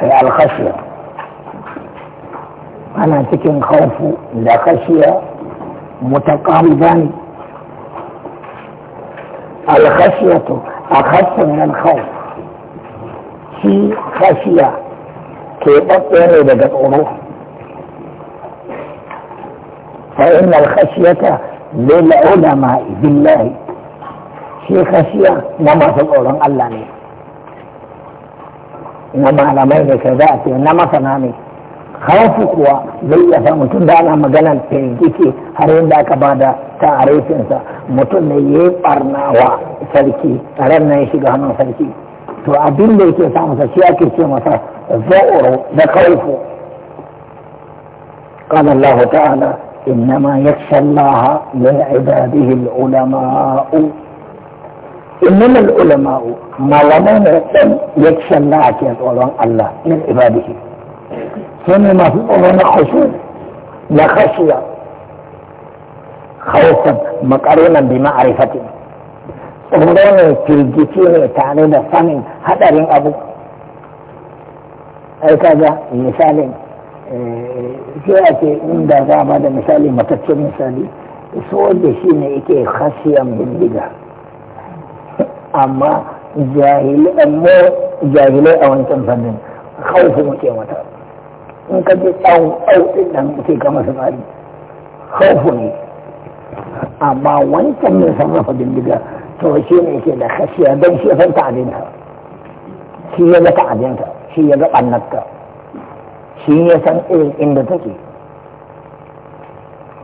هي الخشية أنا تكن خوف لا خشية متقاربان الخشية أخف من الخوف في خشية كي تطير لدى الأروح فإن الخشية للعلماء بالله في خشية نمط الأوران الله نعم. na malamai da kaza a ce na masana ne haufu kuwa zai iya sa mutum da ana maganar firgice har yadda aka ba da tarifinsa mutum ne ya yi barnawa sarki ran nan ya shiga hannun sarki to abin da yake sa masa shi ake ce masa zo'oro da kaufu قال الله تعالى إنما يخشى mai من عباده ulama'u إنما العلماء ما لم يكن يكسن ناعك يتولون الله من عباده ثم ما في أولونا خشوب لا خشية خوفا مقارنا بمعرفتنا أولونا تلجتين تعليم الثامن هدر أبو أي كذا مثال جاءت عند هذا مثال متتشم مثالي سؤال بشينا إكي خشية من بجهة amma jahilai a wancan fannin haufu muke mata in ka ji tsawon ɗin nan muke gama su tsari haufu ne amma wancan mai sarrafa bindiga to shi ne ke da kashiya don shi san ta'adinta shi ya ga ta'adinta shi ya ga ɓannarta shi ya san irin inda take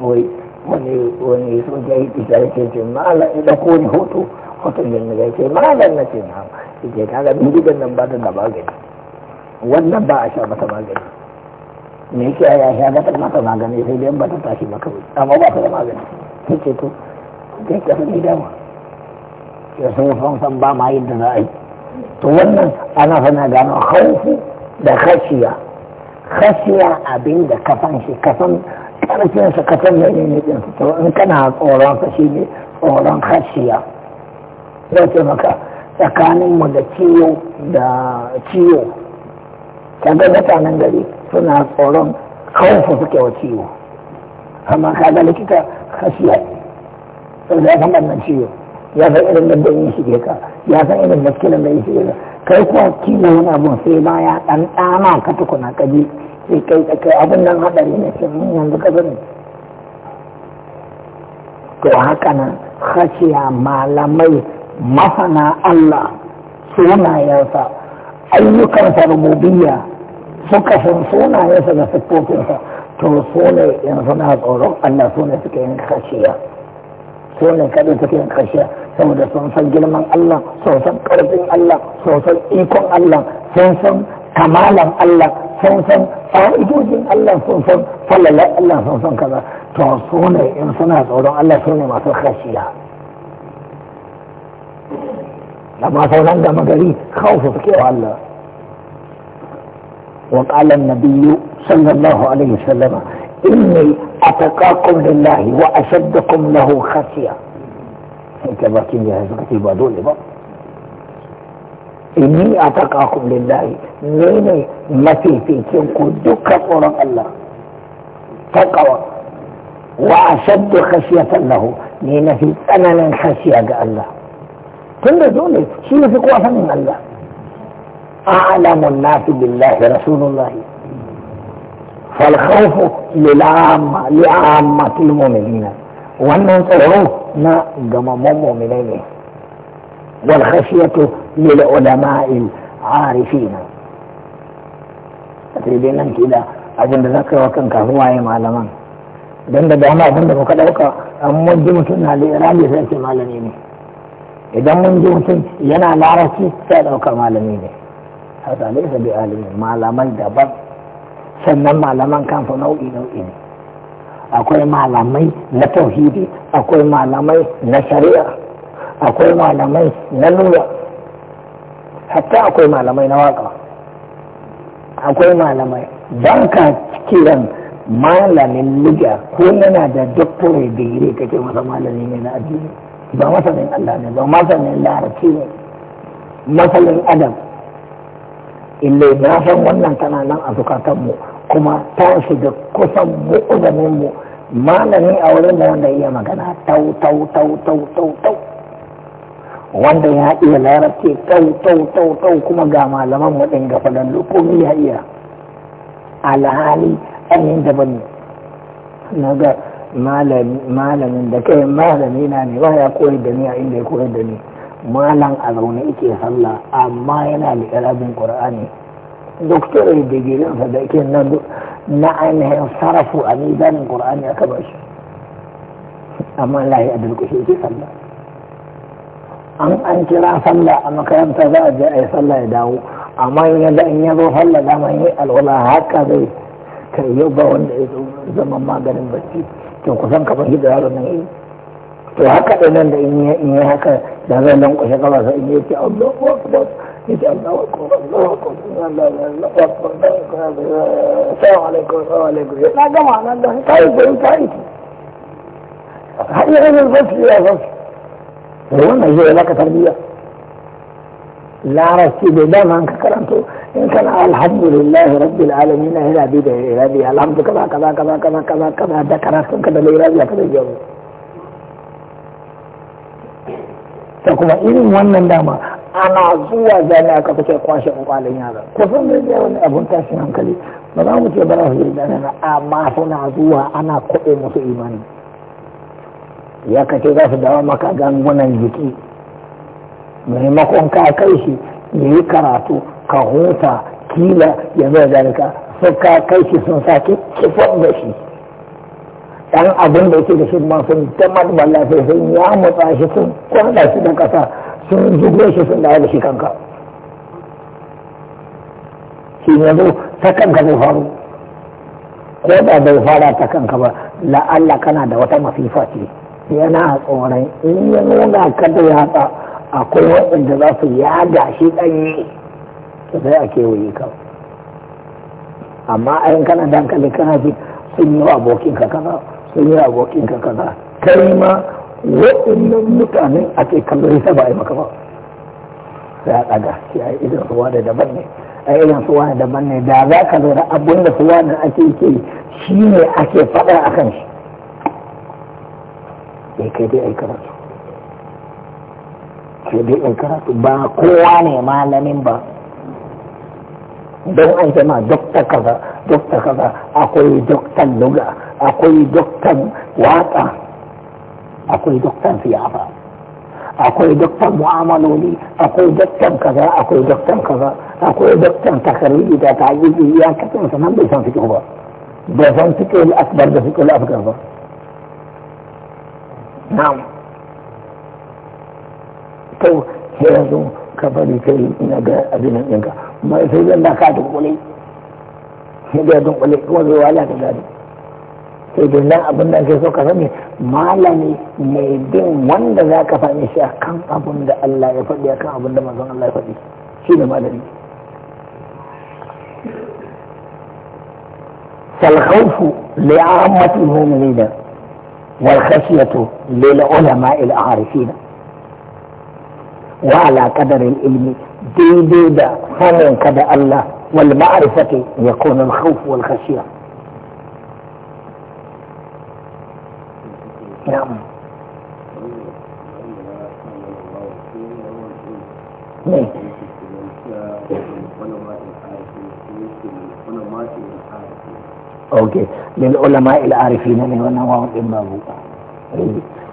wai wani wani soja yi tsaye ke ce mala ida ko ni hoto wata jinni ya ce malam na ce na ce kaga bindigan nan ba ta da magani wannan ba a sha mata magani me yake ya sha mata mata magani sai dai ba ta tashi maka amma ba ta da magani sai ce to kai ka san dama ya san san ba ma yadda za a yi to wannan ana sana gano haufu da khashiya khashiya abin da kafan shi kafan karfin sa kafan ne ne din to in kana tsoron sa shi ne tsoron khashiya zai ce maka tsakaninmu da ciwo da ciwo kaga mutanen gari suna tsoron kawai suke wa ciwo amma kaga likita kasiya ne sau da san wannan ciwo ya san irin da yin shige ka ya san irin maskilan da yin shige ka kai kuwa kila wani abu sai ma ya ɗan ɗana ka tukuna ka sai kai tsakai abin nan haɗari ne sai mun yanzu ka zane to haka nan khashiya malamai masana Allah sunayensa ayyukansa rububiyya suka san sunayensa da siffofinsa to su ne in suna tsoron Allah su ne suke yin kashiya su ne kaɗai suke yin kashiya saboda sun san girman Allah sun san ƙarfin Allah sun san ikon Allah sun san kamalan Allah sun san fa'idojin Allah sun san fallalar Allah sun san kaza to su ne in suna tsoron Allah su ne masu kashiya. وقال النبي صلى الله عليه وسلم إني أتقاكم لله وأشدكم له خشية إني أتقاكم لله نيني نفي في كنكو دكا قرم الله تقوى وأشد خشية له نيني في تنن خشية الله كل دول شنو في قوة من الله أعلم الناس بالله رسول الله فالخوف للعامة لعامة المؤمنين والنصره ما جمم المؤمنين والخشية للعلماء العارفين تريدين أن كده أجل ذكر وكان كهواء معلمان دند دهما دند وكذا وكا أمود دمتنا لإرادة سيسي معلمين idan mun ji mutum yana larabci sai ɗaukar malami ne hausa ne sabi alimi malaman daban sannan malaman kanfa nau'i nau'i ne akwai malamai na tauhidi akwai malamai na shari'a akwai malamai na lura hatta akwai malamai na waka akwai malamai don ka kiran malamin lugya ko yana da da digiri kake masa malami ne na addini ba masanin Allah ne ba masanin larabci ne masanin adam illai na san wannan tana nan a zukatanmu kuma ta shiga kusan mu'uzaninmu malami a wurin da wanda iya magana tau tau tau tau tau tau wanda ya iya larabci tau tau tau tau kuma ga malaman mu ɗin ga fadan lokomi ya iya alhali ainihin daban ne na ga malamin da kai malami na ne ba ya koyar da ni a inda ya koyar da ni malam a zaune ike sallah amma yana da ƙarabin ƙur'ani doktor sa da ke na ainihin sarafu a mizanin ƙur'ani aka ba shi amma lahi a durƙushe ke sallah an an kira sallah a makaranta za a je a yi sallah ya dawo amma yadda in ya zo sallah dama yi alwala haka zai kai yau ba wanda ya zama maganin bacci to kusan kamar da yaron nan yi eh. to haka da nan da in yi haka da zai nan kushe kama sai in yi ce Allah wa akbar ya ce Allah wa Allah wa Allah wa akbar salamu Allah salamu alaikum na gama nan da ta yi gari ta yi har yi ranar zafi ya zafi da wannan shi ya laka tarbiyya larabci bai dama an ka karanto in kana alhamdulillah rabbil alamin na yana bi da irabi alhamdu kaza kaza kaza kaza kaza kaza da karatun ka da irabi ka da jawo ta kuma irin wannan dama ana zuwa jami'a ka fice kwashe kwalin yara ko sun da wani abun tashin hankali ba za mu ce ba za su yi dana amma suna zuwa ana kuɗe musu imani ya kace za su dawo maka gangunan jiki maimakon ka kai shi ya yi karatu ka huta kila ya zai zalika suka kai shi sun sake kifon da shi dan abin da yake da shi ma sun damar sai sun ya mutsa shi sun kwanda shi da kasa sun zubo shi sun da shi kanka shi ne zo ta kanka zai faru ko da bai fara ta kanka ba la'alla kana da wata masifa ce yana a tsoron in ya nuna kada ya haɗa akwai waɗanda za su yaga shi ɗanye ka sai a kewaye ka amma ayin kana dankali kana ji sun yi abokin ka kaza sun yi abokin ka kaza kai ma waɗannan mutanen ake kallon ya ba a yi maka ba sai a ɗaga sai a idan suwa da daban ne a idan suwa da daban ne da za ka lura abin da suwa da ake ke shi ne ake faɗa a kan shi bai kai dai a karatu dai karatu ba kowa ne malamin ba don an zama dokta kaza dokta kaza akwai doktan luga akwai doktan watsa akwai doktan siyasa akwai doktan mu'amaloli akwai doktan kaza akwai doktan kaza akwai doktan takariri da ta yi ya kasan sanan bai san ba san da ba na'am to yanzu ka bari kai na ga abin ɗinka mai sai zan da ka dunkule sai da dunkule kuma zai wala ta gari sai da nan abin da ke so ka sani malami mai bin wanda za ka faɗi shi a kan abin da Allah ya faɗi a kan abin da manzon Allah ya faɗi shi ne malami فالخوف لعامة المؤمنين والخشية للعلماء العارفين وعلى قدر العلم تريدون فمن كذا الله والمعرفة يكون الخوف والخشية نعم, نعم. اوكي للعلماء العارفين اللي هو نواه اما ابو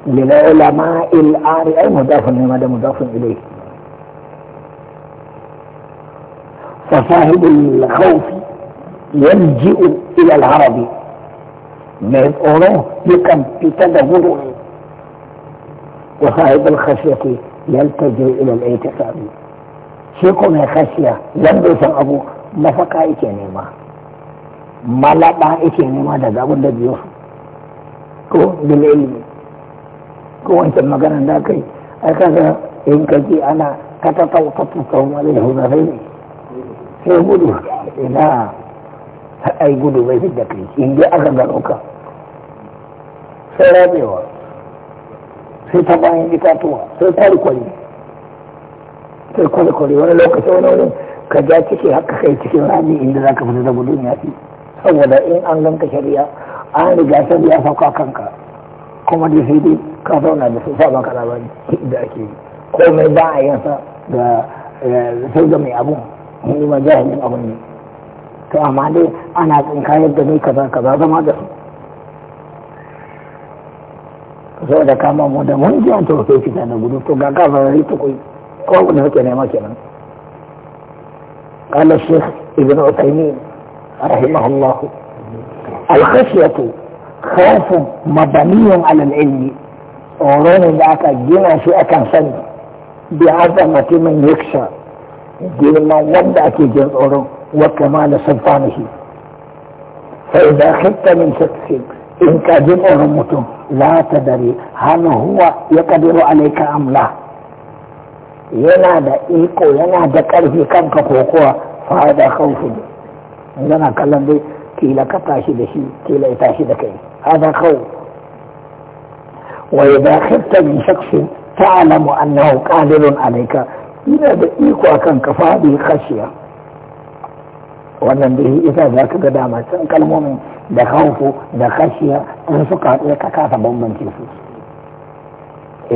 للعلماء العارفين اي مضاف لماذا مضاف اليه؟ وصاحب الخوف يلجئ الى العرب من اوروه بكم بتدبره وصاحب الخشية يلتجئ الى الاعتقاد شكونا خشية لم ابو ما فقا ايكيني ما ما لبا ايكيني ما دا دابو الذي يوصل كو بالعلم كو انت مقرن داكي اكذا انكتي انا كتطوطت كوم عليه هنا غيري sai gudu ina haɗai gudu bai fi da kai in dai aka gano ka sai rabewa sai ta bayan itatuwa sai ta rikwari sai kwalikwari wani lokaci wani wani ka ja ciki haka kai cikin rami inda za ka fita da gudun ya fi saboda in an ka shari'a an riga shari'a sauka kanka kuma da sai dai ka zauna da su sa baka da ake yi komai ba a yansa da eh, sai da mai abun ni ba jahilin abu ne to amma dai ana ka yadda ne ba ka zama da su so da kama mu da mun jiya to ke fita da gudu to ga ka farari ta koi ko da kake nema kenan قال الشيخ ابن عثيمين رحمه الله الخشية خوف مبني على العلم tsoron da aka gina shi akan sani bi azamati man yaksha girman wanda ake jin tsoron wa kamala sultanihi fa idza khifta min shakkin in ka jin tsoron mutum la ta dare hal huwa yaqdiru alayka am la yana da iko yana da karfi kanka ko kuwa fa da khawfu yana kallon dai kila ka tashi da shi kila ya tashi da kai hada khawf wa idza khifta min shakkin ta'lamu annahu qadirun alayka ina da iko akan da ya kashiya wannan dai ita za ka ga dama can kalmomin da haufu da kashiya in suka haɗu ka kasa bambance su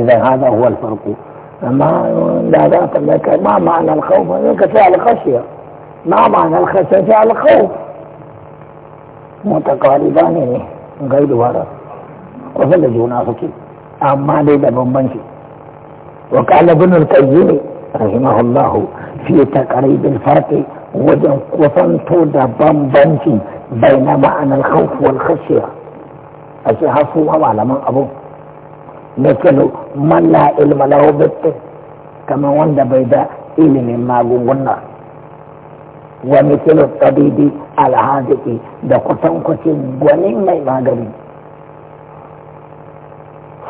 idan haza huwa alfarqu amma da za ka mai kai ma ma'ana alkhawfa in ka ce alkhashiya ma ma'ana alkhashiya ce alkhawf mutaqariba ne ne gaidu wara kusa da juna suke amma dai da bambance وقال ابن القيم رحمه الله في تقريب الفرق وجن كفنتو دا بمبنشي بين معنى الخوف والخشية أشي حفوها على من أبو مثل من لا علم له بيت كما وند بيدا إلم ما قلنا ومثل الطبيب العادق دا قطن قطن ونين ما قلنا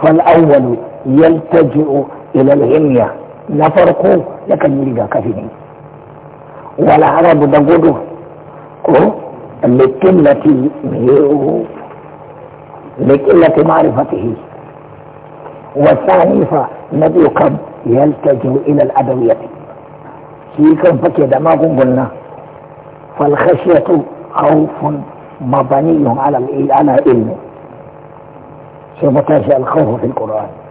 فالأول يلتجئ إلى الهمية na farko yakan yi rigakafi ne wala arabu da gudu ko likillati miyehu likillati ma'rifatihi والثاني فالنبي كم يلتجئ إلى الأدوية في كم فكي دماغ قلنا فالخشية خوف مبني على على علم سمتاشي الخوف في القرآن